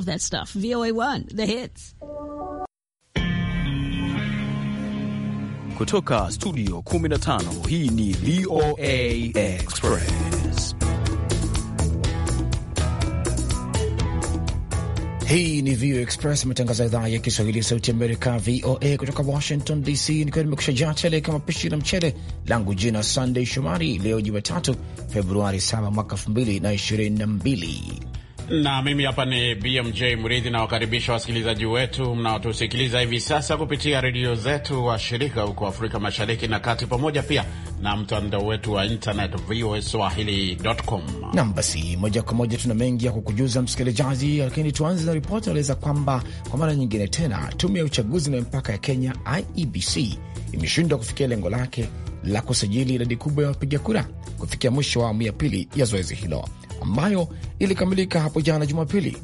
of that stuff. voa One, the hits. Kutoka studio 15 hii ni VOA Express. Hii ni VOA Express, matangazo ya idhaa ya Kiswahili ya sauti Amerika, VOA kutoka Washington DC, nikiwa nimekusha jaa tele kama pishi la mchele langu. Jina Sunday Shomari. Leo Jumatatu, Februari 7 mwaka 2022 na mimi hapa ni BMJ Mridhi, nawakaribisha wasikilizaji wetu mnaotusikiliza hivi sasa kupitia redio zetu wa shirika huko Afrika Mashariki na Kati, pamoja pia na mtandao wetu wa internet VOA swahili.com. Nam, basi moja kwa moja tuna mengi ya kukujuza msikilizaji, lakini tuanze na ripoti Anaeleza kwamba kwa mara nyingine tena tume ya uchaguzi na mipaka ya Kenya IEBC imeshindwa kufikia lengo lake la kusajili idadi kubwa ya wapiga kura kufikia mwisho wa awamu ya pili ya zoezi hilo ambayo ilikamilika hapo jana Jumapili.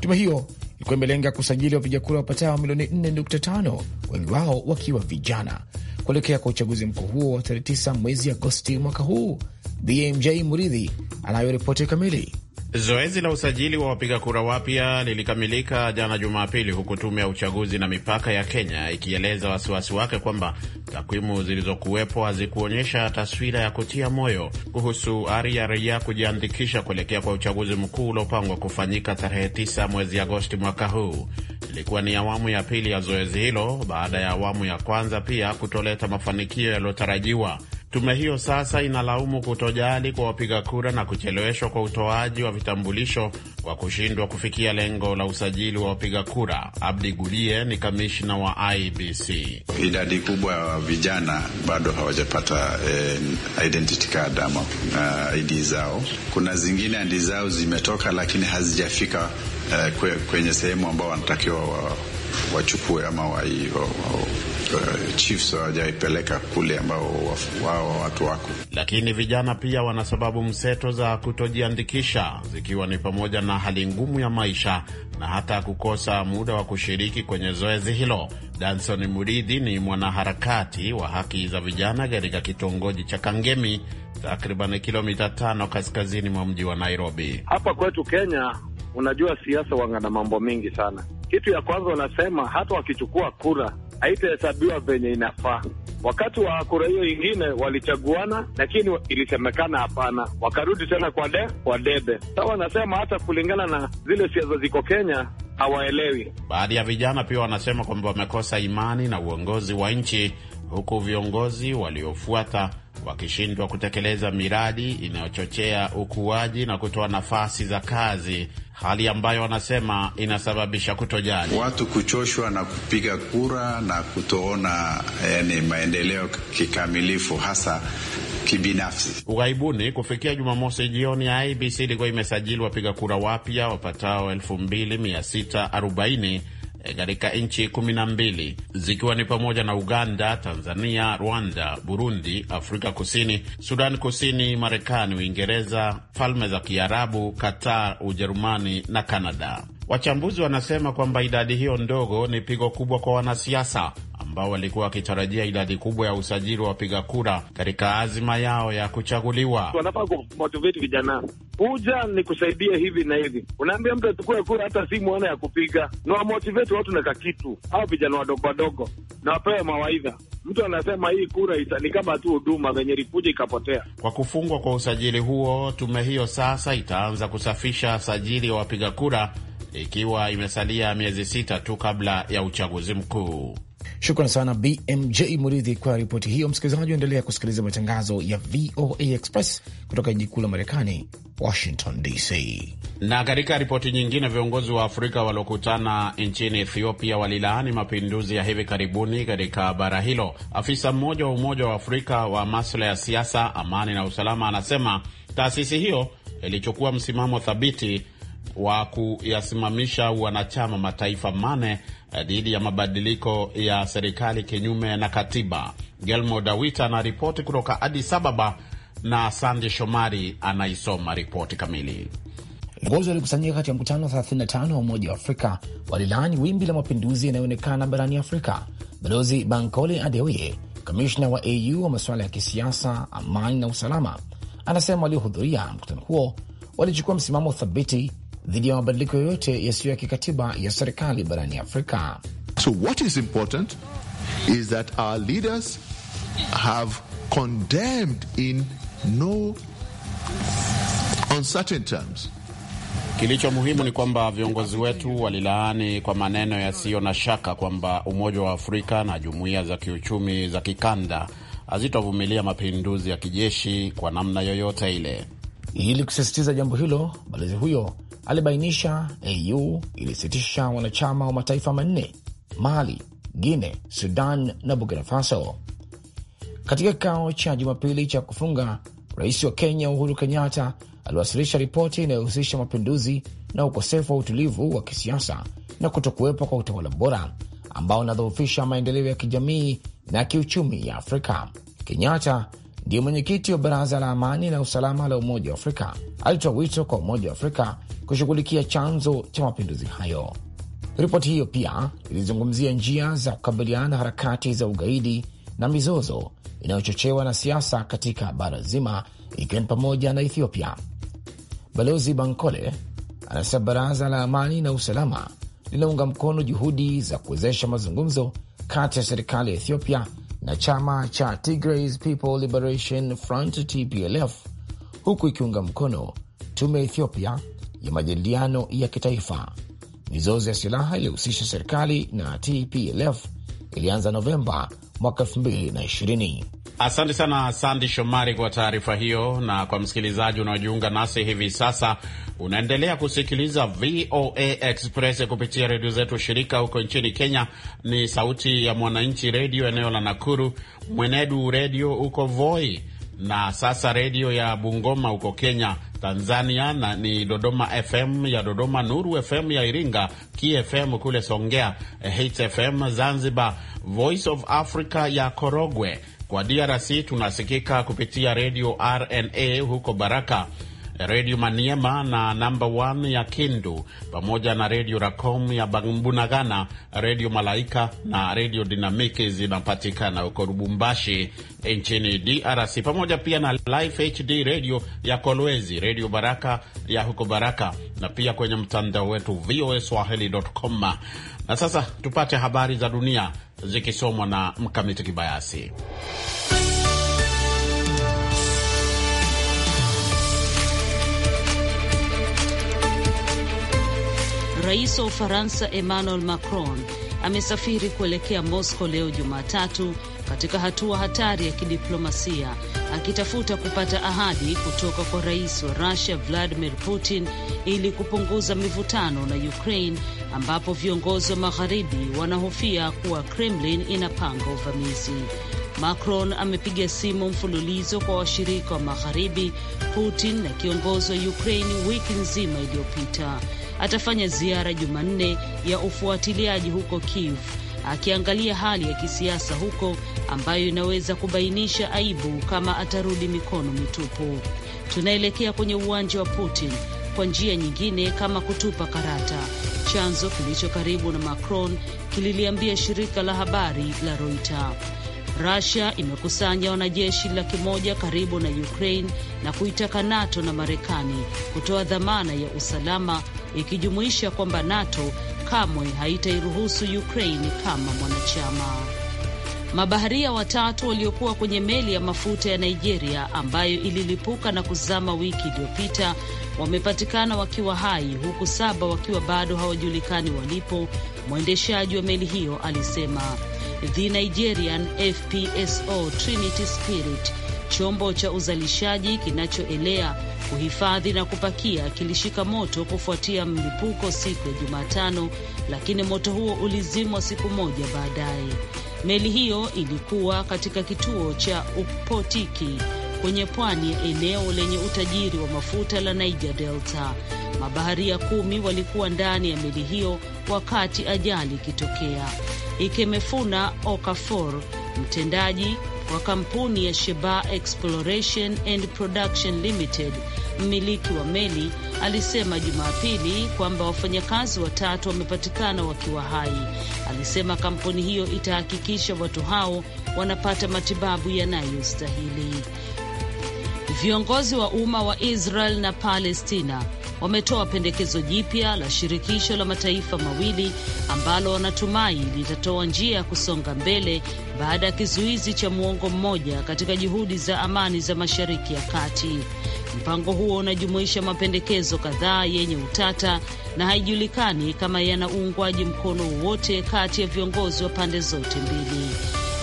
Tume hiyo ilikuwa imelenga kusajili wapiga kura wapatao milioni 4.5, wengi wao wakiwa vijana, kuelekea kwa uchaguzi mkuu huo wa tarehe 9 mwezi Agosti mwaka huu. BMJ Muridhi anayoripoti kamili. Zoezi la usajili wa wapiga kura wapya lilikamilika jana Jumapili, huku tume ya uchaguzi na mipaka ya Kenya ikieleza wasiwasi wake kwamba takwimu zilizokuwepo hazikuonyesha taswira ya kutia moyo kuhusu ari ya raia kujiandikisha kuelekea kwa uchaguzi mkuu uliopangwa kufanyika tarehe 9 mwezi Agosti mwaka huu. Ilikuwa ni awamu ya pili ya zoezi hilo baada ya awamu ya kwanza pia kutoleta mafanikio yaliyotarajiwa. Tume hiyo sasa inalaumu kutojali kwa wapiga kura na kucheleweshwa kwa utoaji wa vitambulisho kwa kushindwa kufikia lengo la usajili wa wapiga kura. Abdi Gulie ni kamishna wa IBC. Idadi kubwa ya vijana bado hawajapata eh, identity card ama uh, eh, ID zao. Kuna zingine ID zao zimetoka, lakini hazijafika uh, kwenye sehemu ambao wanatakiwa wa wachukue ama wa, uh, Chiefs hawajaipeleka kule ambao wao watu wako. Lakini vijana pia wana sababu mseto za kutojiandikisha zikiwa ni pamoja na hali ngumu ya maisha na hata kukosa muda wa kushiriki kwenye zoezi hilo. Danson Muridhi ni mwanaharakati wa haki za vijana katika kitongoji cha Kangemi, takriban kilomita tano kaskazini mwa mji wa Nairobi. Hapa kwetu Kenya, unajua siasa wanga na mambo mingi sana kitu ya kwanza wanasema hata wakichukua kura haitahesabiwa venye inafaa. Wakati wa kura hiyo ingine walichaguana, lakini ilisemekana hapana, wakarudi tena kwa de kwa debe. Sa wanasema hata kulingana na zile siasa ziko Kenya hawaelewi. Baadhi ya vijana pia wanasema kwamba wamekosa imani na uongozi wa nchi, huku viongozi waliofuata wakishindwa kutekeleza miradi inayochochea ukuaji na kutoa nafasi za kazi hali ambayo wanasema inasababisha kutojali watu kuchoshwa na kupiga kura na kutoona yani, eh, maendeleo kikamilifu hasa kibinafsi. Ughaibuni kufikia Jumamosi jioni ya IBC ilikuwa imesajili wapiga kura wapya wapatao 2640 katika nchi kumi na mbili zikiwa ni pamoja na Uganda, Tanzania, Rwanda, Burundi, Afrika Kusini, Sudan Kusini, Marekani, Uingereza, Falme za Kiarabu, Qatar, Ujerumani na Kanada. Wachambuzi wanasema kwamba idadi hiyo ndogo ni pigo kubwa kwa wanasiasa ambao walikuwa wakitarajia idadi kubwa ya usajili wa wapiga kura katika azima yao ya kuchaguliwa. Wanafaa kumotivate vijana, huja ni kusaidia hivi na hivi, unaambia mtu achukue kura, hata si mwana ya kupiga, ni wamotivate watu na kakitu, au vijana wadogo wadogo, na wapewe mawaidha. Mtu anasema hii kura ni kama tu huduma venye likuja ikapotea. Kwa kufungwa kwa usajili huo, tume hiyo sasa itaanza kusafisha sajili ya wapiga kura ikiwa imesalia miezi sita tu kabla ya uchaguzi mkuu. Shukran sana BMJ Muridhi kwa ripoti hiyo. Msikilizaji, endelea kusikiliza matangazo ya VOA Express kutoka jiji kuu la Marekani, Washington DC. Na katika ripoti nyingine, viongozi wa Afrika waliokutana nchini Ethiopia walilaani mapinduzi ya hivi karibuni katika bara hilo. Afisa mmoja wa Umoja wa Afrika wa maswala ya siasa, amani na usalama anasema taasisi hiyo ilichukua msimamo thabiti wa kuyasimamisha wanachama mataifa mane Eh, dhidi ya mabadiliko ya serikali kinyume na katiba. Gelmo Dawita anaripoti kutoka Addis Ababa na Sandi Shomari anaisoma ripoti kamili. Viongozi walikusanyika kati ya mkutano 35 wa Umoja wa Afrika walilaani wimbi la mapinduzi yanayoonekana barani Afrika. Balozi Bankole Adeoye, kamishna wa AU wa masuala ya kisiasa, amani na usalama, anasema waliohudhuria mkutano huo walichukua msimamo thabiti dhidi ya mabadiliko yoyote yasiyo ya kikatiba ya serikali barani Afrika. So what is important is that our leaders have condemned in no uncertain terms. Kilicho muhimu ni kwamba viongozi wetu walilaani kwa maneno yasiyo na shaka kwamba Umoja wa Afrika na jumuiya za kiuchumi za kikanda hazitovumilia mapinduzi ya kijeshi kwa namna yoyote ile. Ili kusisitiza jambo hilo, balozi huyo alibainisha AU ilisitisha wanachama wa mataifa manne: Mali, Guine, Sudan na Burkina Faso. Katika kikao cha Jumapili cha kufunga, rais wa Kenya Uhuru Kenyatta aliwasilisha ripoti inayohusisha mapinduzi na ukosefu wa utulivu wa kisiasa na kutokuwepo kwa utawala bora ambao unadhoofisha maendeleo ya kijamii na kiuchumi ya Afrika. Kenyatta ndiye mwenyekiti wa Baraza la Amani na Usalama la Umoja wa Afrika, alitoa wito kwa Umoja wa Afrika kushughulikia chanzo cha mapinduzi hayo. Ripoti hiyo pia ilizungumzia njia za kukabiliana na harakati za ugaidi na mizozo inayochochewa na siasa katika bara zima, ikiwa ni pamoja na Ethiopia. Balozi Bankole anasema baraza la amani na usalama linaunga mkono juhudi za kuwezesha mazungumzo kati ya serikali ya Ethiopia na chama cha Tigray People Liberation Front TPLF, huku ikiunga mkono tume ya Ethiopia ya majadiliano ya kitaifa. Mizozo ya silaha iliyohusisha serikali na TPLF ilianza Novemba mwaka 2020. Asante sana Sandi Shomari kwa taarifa hiyo. Na kwa msikilizaji unaojiunga nasi hivi sasa, unaendelea kusikiliza VOA Express kupitia redio zetu shirika huko nchini Kenya ni Sauti ya Mwananchi redio eneo la Nakuru, Mwenedu redio huko Voi, na sasa redio ya Bungoma huko Kenya. Tanzania na ni Dodoma FM ya Dodoma, Nuru FM ya Iringa, KFM kule Songea, HFM Zanzibar, Voice of Africa ya Korogwe kwa DRC tunasikika kupitia redio RNA huko Baraka, redio Maniema na namba 1 ya Kindu, pamoja na redio Racom ya Bunagana, redio Malaika na redio Dinamiki zinapatikana huko Lubumbashi nchini DRC, pamoja pia na Life HD redio ya Kolwezi, redio Baraka ya huko Baraka, na pia kwenye mtandao wetu voa swahili.com. Na sasa tupate habari za dunia zikisomwa na Mkamiti Kibayasi. Rais wa Ufaransa Emmanuel Macron amesafiri kuelekea Moscow leo Jumatatu katika hatua hatari ya kidiplomasia akitafuta kupata ahadi kutoka kwa rais wa Rusia Vladimir Putin ili kupunguza mivutano na Ukraine, ambapo viongozi wa magharibi wanahofia kuwa Kremlin inapanga uvamizi. Macron amepiga simu mfululizo kwa washirika wa magharibi, Putin na kiongozi wa Ukraine wiki nzima iliyopita. Atafanya ziara Jumanne ya ufuatiliaji huko Kiev akiangalia hali ya kisiasa huko ambayo inaweza kubainisha aibu kama atarudi mikono mitupu. Tunaelekea kwenye uwanja wa Putin kwa njia nyingine kama kutupa karata. Chanzo kilicho karibu na Macron kililiambia shirika la habari la Reuters. Rusia imekusanya wanajeshi laki moja karibu na Ukraine na kuitaka NATO na Marekani kutoa dhamana ya usalama ikijumuisha kwamba NATO kamwe haitairuhusu Ukraine kama mwanachama. Mabaharia watatu waliokuwa kwenye meli ya mafuta ya Nigeria ambayo ililipuka na kuzama wiki iliyopita wamepatikana wakiwa hai, huku saba wakiwa bado hawajulikani walipo, mwendeshaji wa meli hiyo alisema. The Nigerian FPSO Trinity Spirit chombo cha uzalishaji kinachoelea kuhifadhi na kupakia kilishika moto kufuatia mlipuko siku ya Jumatano, lakini moto huo ulizimwa siku moja baadaye. Meli hiyo ilikuwa katika kituo cha Upotiki kwenye pwani ya eneo lenye utajiri wa mafuta la Niger Delta. Mabaharia kumi walikuwa ndani ya meli hiyo wakati ajali ikitokea. Ikemefuna Okafor, mtendaji wa kampuni ya Sheba Exploration and Production Limited, mmiliki wa meli, alisema Jumapili kwamba wafanyakazi watatu wamepatikana wakiwa hai. Alisema kampuni hiyo itahakikisha watu hao wanapata matibabu yanayostahili. Viongozi wa umma wa Israel na Palestina wametoa pendekezo jipya la shirikisho la mataifa mawili ambalo wanatumai litatoa njia ya kusonga mbele baada ya kizuizi cha muongo mmoja katika juhudi za amani za Mashariki ya Kati. Mpango huo unajumuisha mapendekezo kadhaa yenye utata na haijulikani kama yana uungwaji mkono wowote kati ya viongozi wa pande zote mbili,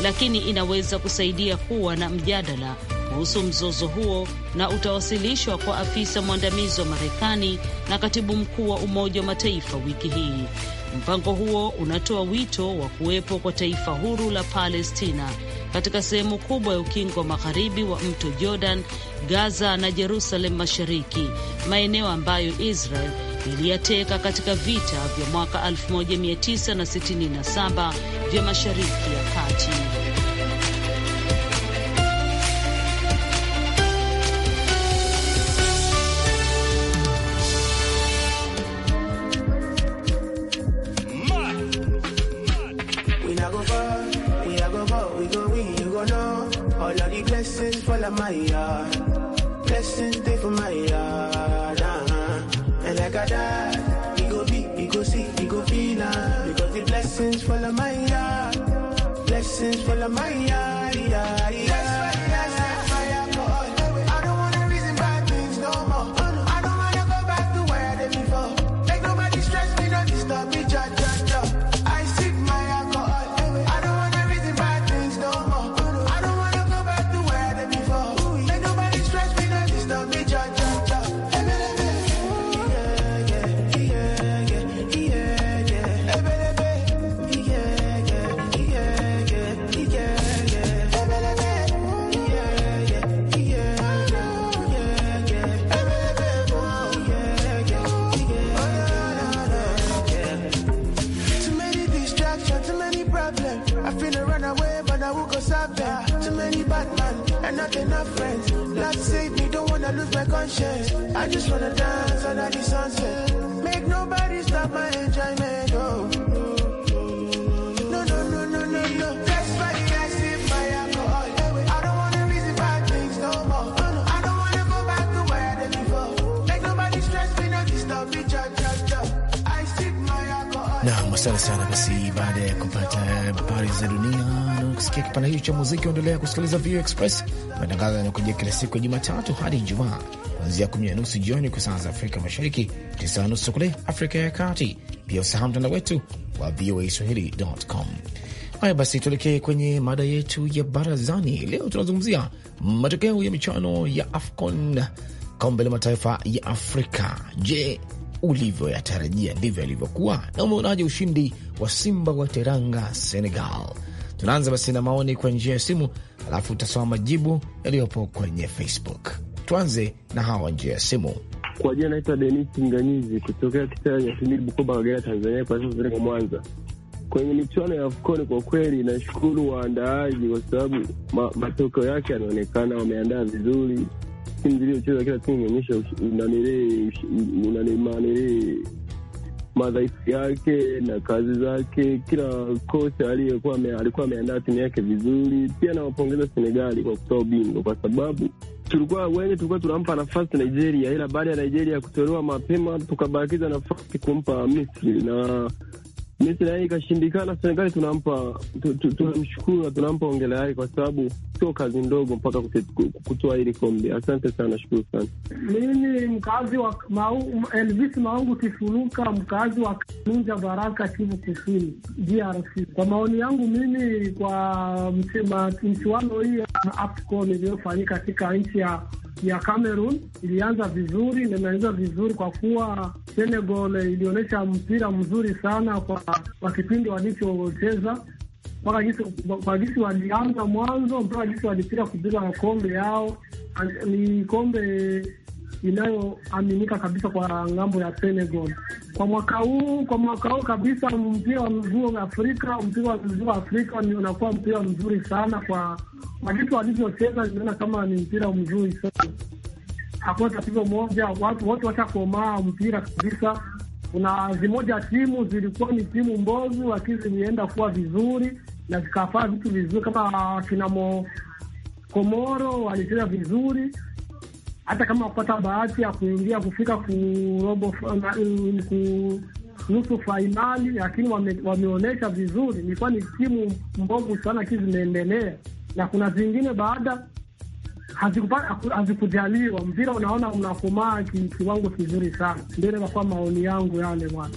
lakini inaweza kusaidia kuwa na mjadala kuhusu mzozo huo na utawasilishwa kwa afisa mwandamizi wa Marekani na katibu mkuu wa Umoja wa Mataifa wiki hii. Mpango huo unatoa wito wa kuwepo kwa taifa huru la Palestina katika sehemu kubwa ya ukingo wa magharibi wa mto Jordan, Gaza na Jerusalem Mashariki, maeneo ambayo Israel iliyateka katika vita vya mwaka 1967 vya Mashariki ya Kati. my yard. Blessings day for my yard. Uh-huh. And like I died, he go be, he go see, he go feel. Uh, because the blessings follow my yard. Blessings follow my yard. sunshine. I just wanna dance under the sunset. Make nobody stop my enjoyment. Asante sana. Basi baada ya kupata habari za dunia na kusikia kipande hicho cha muziki, waendelea kusikiliza VOA Express. Matangazo yanakuja kila siku ya Jumatatu hadi Ijumaa, kuanzia kumi na nusu jioni kwa saa za Afrika Mashariki, tisa na nusu kule Afrika ya Kati. Pia usahau mtandao wetu wa VOA Swahili.com. Haya basi, tuelekee kwenye mada yetu ya barazani. Leo tunazungumzia matokeo ya michuano ya AFCON, kombe la mataifa ya Afrika. Je, ulivyoyatarajia ndivyo yalivyokuwa? Na umeonaje ushindi wa Simba wa Teranga Senegal? Tunaanza basi na maoni kwa njia ya simu, alafu utasoma majibu yaliyopo kwenye Facebook. Tuanze na hawa njia ya simu. Kwa jina naitwa Denis Nganyizi kutokea kitaa Nyatumi, Bukoba, Kagera, Tanzania. Kwa sasa niko Mwanza kwenye michuano ya fukoni Kwa kweli nashukuru waandaaji kwa sababu matokeo yake yanaonekana, wameandaa vizuri timu iliyocheza kila timu imeonyesha madhaifu yake na kazi zake. Kila kocha aliyekuwa alikuwa ameandaa timu yake vizuri. Pia nawapongeza Senegali kwa kutoa ubingwa, kwa sababu tulikuwa wengi tulikuwa tunampa nafasi Nigeria, ila baada ya Nigeria kutolewa mapema tukabakiza nafasi kumpa Misri na Misri naye ikashindikana, Senegali tunampa tunamshukuru na tunampa ongela yake, kwa sababu sio kazi ndogo mpaka kutoa hili kombe. Asante sana, nashukuru sana. Mimi mkazi wa Maungu, Elvis Maungu Kisuluka, mkazi wa Nunja Baraka, Kivu Kusini, DRC. Kwa maoni yangu mimi, kwa mchuano hii AFCON iliyofanyika katika nchi ya ya Cameroon ilianza vizuri na imeanza vizuri kwa kuwa Senegal ilionyesha mpira mzuri sana kwa, kwa kipindi walichocheza mpaka jinsi kwa jinsi walianza mwanzo mpaka jinsi walipira kupiga kombe yao ni kombe inayoaminika kabisa kwa ng'ambo ya Senegal kwa mwaka huu. Kwa mwaka huu kabisa, mpira wa wa Afrika, mpira wa wa Afrika ni unakuwa mpira mzuri sana. Kwa majitu walivyocheza, nimeona kama ni mpira mzuri sana, hakuna tatizo moja, watu wote washakomaa mpira kabisa. Kuna zimoja timu zilikuwa ni timu mbovu, lakini zilienda kuwa vizuri na zikafaa vitu vizuri, kama kinamo Komoro walicheza vizuri hata kama kupata bahati ya kuingia kufika kurobo eh, nusu fainali, lakini wameonyesha vizuri. Ilikuwa ni timu mbovu sana, lakini zimeendelea, na kuna zingine baada hazikujaliwa mpira, unaona unakomaa kiwango kizuri sana. Ndio inakuwa maoni yangu yale bwana.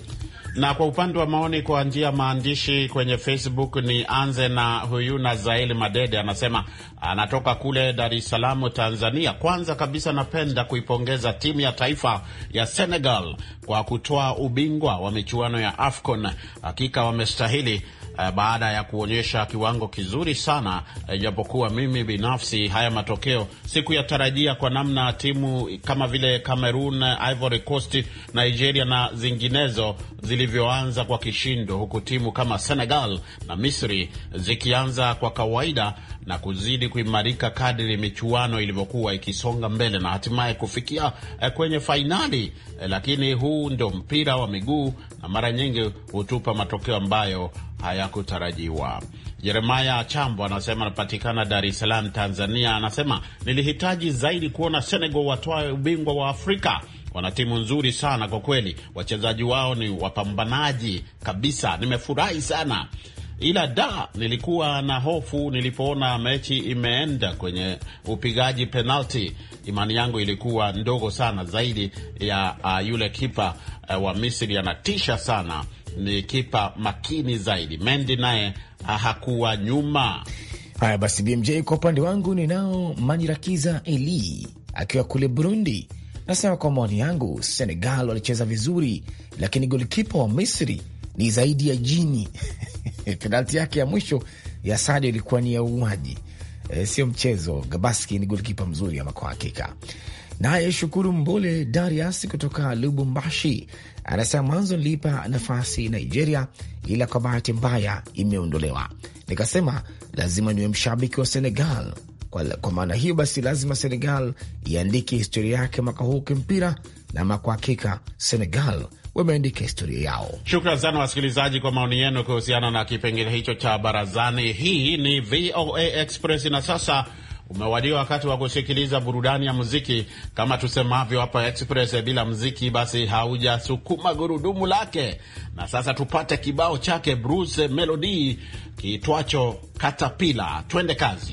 Na kwa upande wa maoni kwa njia maandishi kwenye Facebook, ni anze na huyu Nazaeli Madede, anasema anatoka kule Dar es Salaam, Tanzania. Kwanza kabisa, napenda kuipongeza timu ya taifa ya Senegal kwa kutoa ubingwa wa michuano ya AFCON. Hakika wamestahili uh, baada ya kuonyesha kiwango kizuri sana uh, mimi binafsi haya matokeo sikuyatarajia kwa namna timu kama vile Cameroon, Ivory Coast, Nigeria na zinginezo zilivyoanza kwa kishindo, huku timu kama Senegal na Misri zikianza kwa kawaida na kuzidi kuimarika kadri michuano ilivyokuwa ikisonga mbele na hatimaye kufikia eh, kwenye fainali. Eh, lakini huu ndio mpira wa miguu, na mara nyingi hutupa matokeo ambayo hayakutarajiwa. Jeremaya Chambo anasema anapatikana Dar es Salaam, Tanzania. Anasema nilihitaji zaidi kuona Senegal watwae ubingwa wa Afrika. Wana timu nzuri sana kwa kweli, wachezaji wao ni wapambanaji kabisa. Nimefurahi sana ila da nilikuwa na hofu nilipoona mechi imeenda kwenye upigaji penalti. Imani yangu ilikuwa ndogo sana zaidi ya uh, yule kipa uh, wa Misri anatisha sana, ni kipa makini zaidi. Mendi naye uh, hakuwa nyuma. Haya basi, BMJ kwa upande wangu ninao manyirakiza Eli akiwa kule Burundi, nasema kwa maoni yangu Senegal walicheza vizuri, lakini golikipa wa Misri ni zaidi ya jini penalti yake ya mwisho ya Sadio ilikuwa ni ya uuaji, e, sio mchezo. Gabaski ni golikipa mzuri ama kwa hakika. Naye Shukuru Mbole Darius kutoka Lubumbashi anasema mwanzo niliipa nafasi Nigeria, ila kwa bahati mbaya imeondolewa. Nikasema lazima niwe mshabiki wa Senegal. Kwa, kwa maana hiyo basi lazima Senegal iandike historia yake mwaka huu kimpira, na kwa hakika Senegal wameandika historia yao. Shukran sana wasikilizaji kwa maoni yenu kuhusiana na kipengele hicho cha barazani. Hii ni VOA Express na sasa umewadia wakati wa kusikiliza burudani ya muziki. Kama tusemavyo hapa Express, bila muziki basi haujasukuma gurudumu lake. Na sasa tupate kibao chake Bruce Melody kiitwacho Katapila. Twende kazi.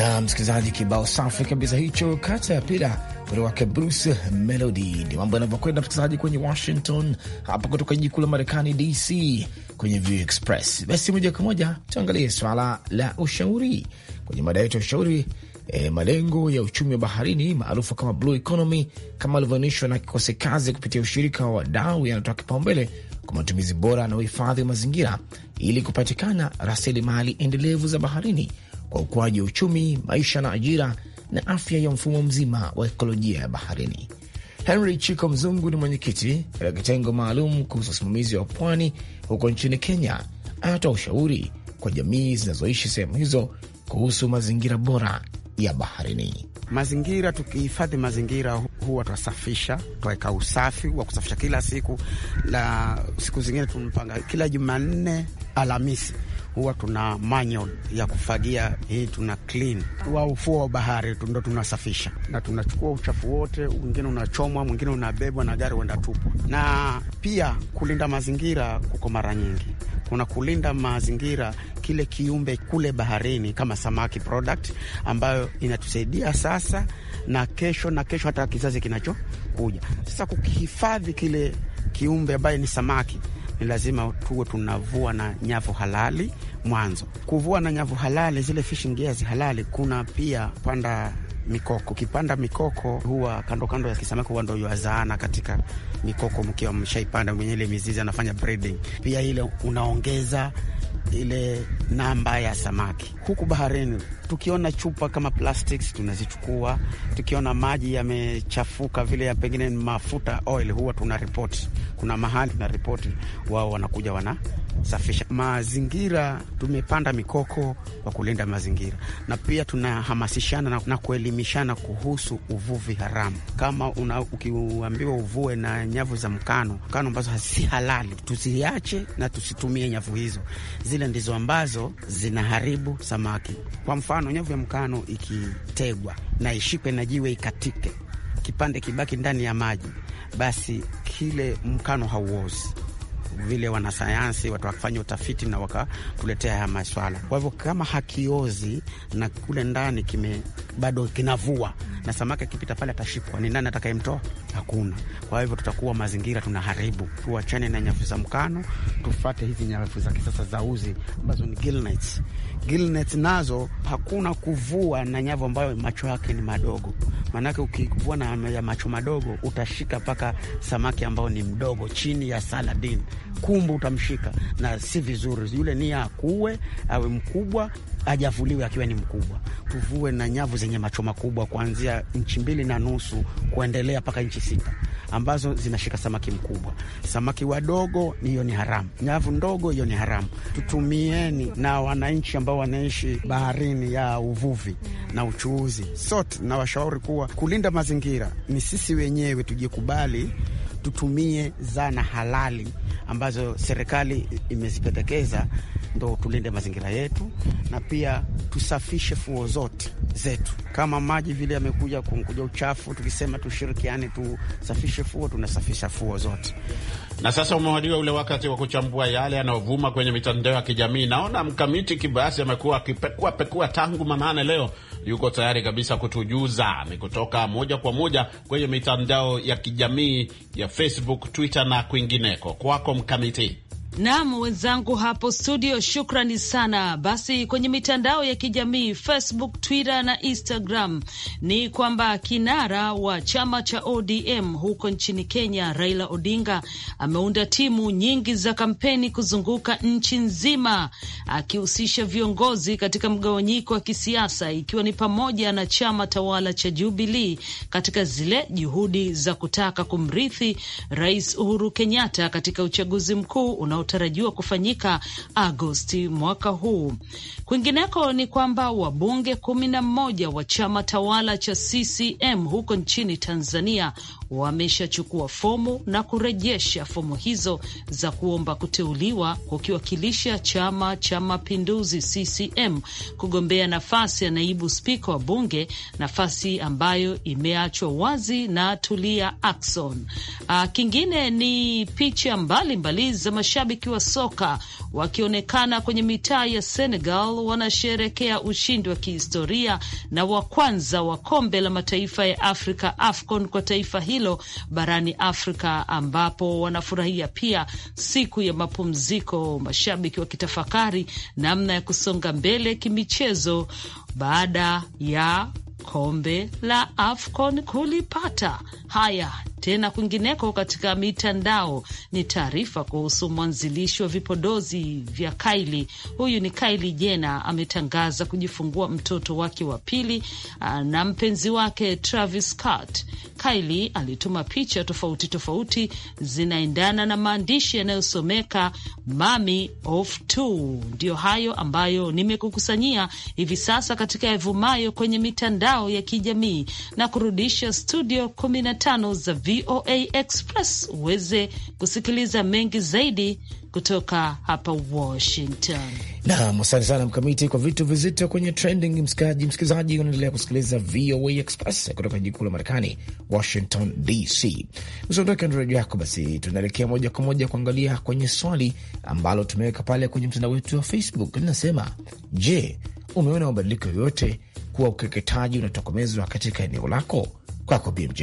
na msikilizaji, kibao safi kabisa hicho, kata ya pira kutoka Bruce Melody. Ni mambo yanavyokwenda msikilizaji, kwenye Washington hapa, kutoka jiji kuu la Marekani DC, kwenye View Express. Basi moja kwa moja tuangalie swala la ushauri kwenye mada yetu ya ushauri. E, malengo ya uchumi wa baharini maarufu kama blue economy, kama alivyoonyeshwa na kikosi kazi kupitia ushirika wa wadau, yanatoa kipaumbele kwa matumizi bora na uhifadhi wa mazingira ili kupatikana rasilimali endelevu za baharini kwa ukuaji wa uchumi, maisha na ajira na afya ya mfumo mzima wa ekolojia ya baharini. Henry Chiko Mzungu ni mwenyekiti katika kitengo maalum kuhusu usimamizi wa pwani huko nchini Kenya. Anatoa ushauri kwa jamii zinazoishi sehemu hizo kuhusu mazingira bora ya baharini. Mazingira, tukihifadhi mazingira, huwa twasafisha, twaweka usafi wa kusafisha kila siku, na siku zingine tumpanga kila Jumanne, Alhamisi huwa tuna manual ya kufagia, hii tuna clean wa ufuo wa bahari ndo tunasafisha, na tunachukua uchafu wote, mwingine unachomwa, mwingine unabebwa na gari uenda tupwa. Na pia kulinda mazingira kuko mara nyingi kuna kulinda mazingira kile kiumbe kule baharini kama samaki product ambayo inatusaidia sasa na kesho na kesho hata kizazi kinachokuja. Sasa kukihifadhi kile kiumbe ambaye ni samaki ni lazima tuwe tunavua na nyavu halali mwanzo. Kuvua na nyavu halali, zile fishing gears halali. Kuna pia panda mikoko. Ukipanda mikoko huwa kando kando ya kisamaki huwa ndo yazaana katika mikoko, mkiwa mshaipanda mwenye ile mizizi anafanya breeding. Pia ile unaongeza ile namba ya samaki huku baharini. Tukiona chupa kama plastics tunazichukua, tukiona maji yamechafuka vile ya pengine mafuta oil, huwa tuna ripoti. Kuna mahali tuna ripoti, wao wanakuja wana kusafisha mazingira. Tumepanda mikoko kwa kulinda mazingira, na pia tunahamasishana na, na kuelimishana kuhusu uvuvi haramu. Kama una, ukiambiwa uvue na nyavu za mkano mkano ambazo si halali, tuziache na tusitumie nyavu hizo, zile ndizo ambazo zinaharibu samaki. Kwa mfano, nyavu ya mkano ikitegwa na ishikwe na jiwe ikatike, kipande kibaki ndani ya maji, basi kile mkano hauozi vile wanasayansi watu wakafanya utafiti na wakakuletea haya maswala. Kwa hivyo kama hakiozi na kule ndani kime bado kinavua na samaki akipita pale atashikwa, ni nani atakayemtoa? Hakuna. Kwa hivyo tutakuwa mazingira tunaharibu. Tuachane na nyavu za mkano, tufate hizi nyavu za kisasa za uzi ambazo ni gill nets. nazo hakuna kuvua na nyavu ambayo macho yake ni madogo, maanake ukivua na ya macho madogo utashika mpaka samaki ambao ni mdogo chini ya saladin kumbu utamshika, na si vizuri. Yule nia akuwe, awe mkubwa, ajavuliwe akiwa ni mkubwa. Tuvue na nyavu zenye macho makubwa, kuanzia nchi mbili na nusu kuendelea mpaka nchi sita ambazo zinashika samaki mkubwa. Samaki wadogo hiyo ni haramu, nyavu ndogo hiyo ni haramu. Tutumieni na wananchi ambao wanaishi baharini ya uvuvi na uchuuzi, sote na washauri kuwa kulinda mazingira ni sisi wenyewe, tujikubali, tutumie zana halali ambazo serikali imezipendekeza ndo tulinde mazingira yetu na pia tusafishe fuo zote zetu. Kama maji vile yamekuja kukuja uchafu, tukisema tushirikiane tusafishe fuo, tunasafisha fuo zote. Na sasa umewadiwa ule wakati wa kuchambua yale yanayovuma kwenye mitandao ya kijamii. Naona mkamiti Kibayasi amekuwa akipekua pekua tangu manane, leo yuko tayari kabisa kutujuza ni kutoka moja kwa moja kwenye mitandao ya kijamii ya Facebook, Twitter na kwingineko. Kwako Committee. Naam, wenzangu hapo studio, shukrani sana. Basi kwenye mitandao ya kijamii Facebook, Twitter na Instagram ni kwamba kinara wa chama cha ODM huko nchini Kenya, Raila Odinga ameunda timu nyingi za kampeni kuzunguka nchi nzima, akihusisha viongozi katika mgawanyiko wa kisiasa, ikiwa ni pamoja na chama tawala cha Jubilee katika zile juhudi za kutaka kumrithi Rais Uhuru Kenyatta katika uchaguzi mkuu unao unaotarajiwa kufanyika Agosti mwaka huu. Kwingineko ni kwamba wabunge kumi na mmoja wa chama tawala cha CCM huko nchini Tanzania wameshachukua fomu na kurejesha fomu hizo za kuomba kuteuliwa kukiwakilisha Chama cha Mapinduzi CCM kugombea nafasi ya naibu spika wa Bunge, nafasi ambayo imeachwa wazi na Tulia Ackson. Ah, kingine ni picha mbalimbali za mashabiki mashabiki wa soka wakionekana kwenye mitaa ya Senegal wanasherekea ushindi wa kihistoria na wa kwanza wa kombe la mataifa ya Afrika AFCON kwa taifa hilo barani Afrika, ambapo wanafurahia pia siku ya mapumziko, mashabiki wakitafakari namna ya kusonga mbele kimichezo baada ya kombe la AFCON kulipata. Haya tena kwingineko katika mitandao ni taarifa kuhusu mwanzilishi wa vipodozi vya Kylie. Huyu ni Kylie Jenner, ametangaza kujifungua mtoto wake wa pili ah, na mpenzi wake Travis Scott. Kylie alituma picha tofauti tofauti zinaendana na maandishi yanayosomeka mami of Two. Ndiyo hayo ambayo nimekukusanyia hivi sasa katika yavumayo kwenye mitandao mitandao ya kijamii na kurudisha studio 15 za VOA Express uweze kusikiliza mengi zaidi kutoka hapa Washington. Nam, asante sana Mkamiti kwa vitu vizito kwenye trending. Msikilizaji, msikilizaji unaendelea kusikiliza VOA Express kutoka jiji kuu la Marekani, Washington DC. Usiondoke na redio yako. Basi tunaelekea moja kwa moja kuangalia kwenye swali ambalo tumeweka pale kwenye mtandao wetu wa Facebook. Linasema, je, umeona mabadiliko yoyote kuwa ukeketaji unatokomezwa katika eneo lako? Kwako BMJ.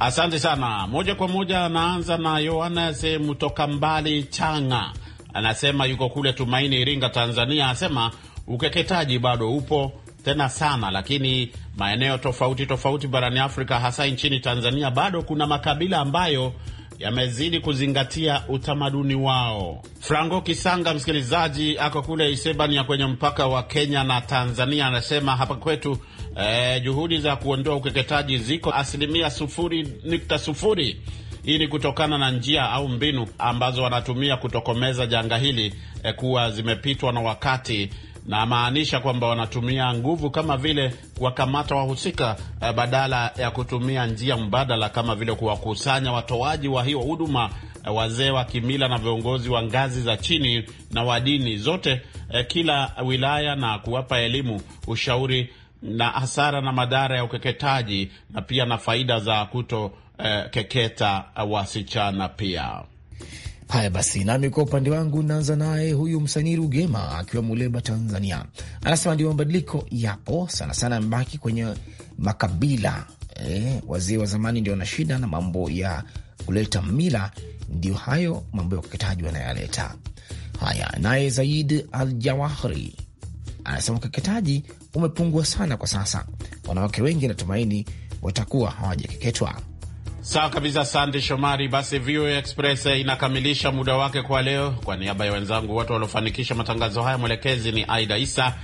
Asante sana. Moja kwa moja anaanza na Yohanes toka Mbali Changa, anasema yuko kule Tumaini, Iringa, Tanzania. Anasema ukeketaji bado upo tena sana, lakini maeneo tofauti tofauti barani Afrika, hasa nchini Tanzania, bado kuna makabila ambayo yamezidi kuzingatia utamaduni wao. Franco Kisanga, msikilizaji, ako kule Isebania kwenye mpaka wa Kenya na Tanzania, anasema hapa kwetu eh, juhudi za kuondoa ukeketaji ziko asilimia sufuri nukta sufuri hii ni kutokana na njia au mbinu ambazo wanatumia kutokomeza janga hili eh, kuwa zimepitwa na wakati namaanisha kwamba wanatumia nguvu kama vile kuwakamata wahusika eh, badala ya kutumia njia mbadala kama vile kuwakusanya watoaji wa hiyo huduma, eh, wazee wa kimila na viongozi wa ngazi za chini na wa dini zote eh, kila wilaya, na kuwapa elimu, ushauri na hasara na madhara ya ukeketaji na pia na faida za kuto keketa wasichana pia. Haya basi, nami kwa upande wangu naanza naye huyu msanii Rugema akiwa Muleba, Tanzania, anasema ndio mabadiliko yapo sana sana, yamebaki kwenye makabila eh, wazee wa zamani ndio wana shida na mambo ya kuleta mila, ndio hayo mambo ya ukeketaji wanayaleta. Haya, naye Zaid al jawahri anasema ukeketaji umepungua sana kwa sasa, wanawake wengi natumaini watakuwa hawajakeketwa. Sawa kabisa, sande Shomari. Basi VOA Express inakamilisha muda wake kwa leo. Kwa niaba ya wenzangu wote waliofanikisha matangazo haya, mwelekezi ni Aida Isa,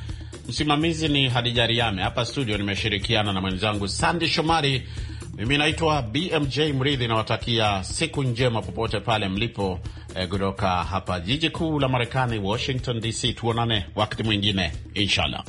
msimamizi ni Hadija Riame. Hapa studio nimeshirikiana na mwenzangu Sande Shomari. Mimi naitwa BMJ Mridhi, nawatakia siku njema popote pale mlipo eh, kutoka eh, hapa jiji kuu la Marekani, Washington DC. Tuonane wakati mwingine inshallah.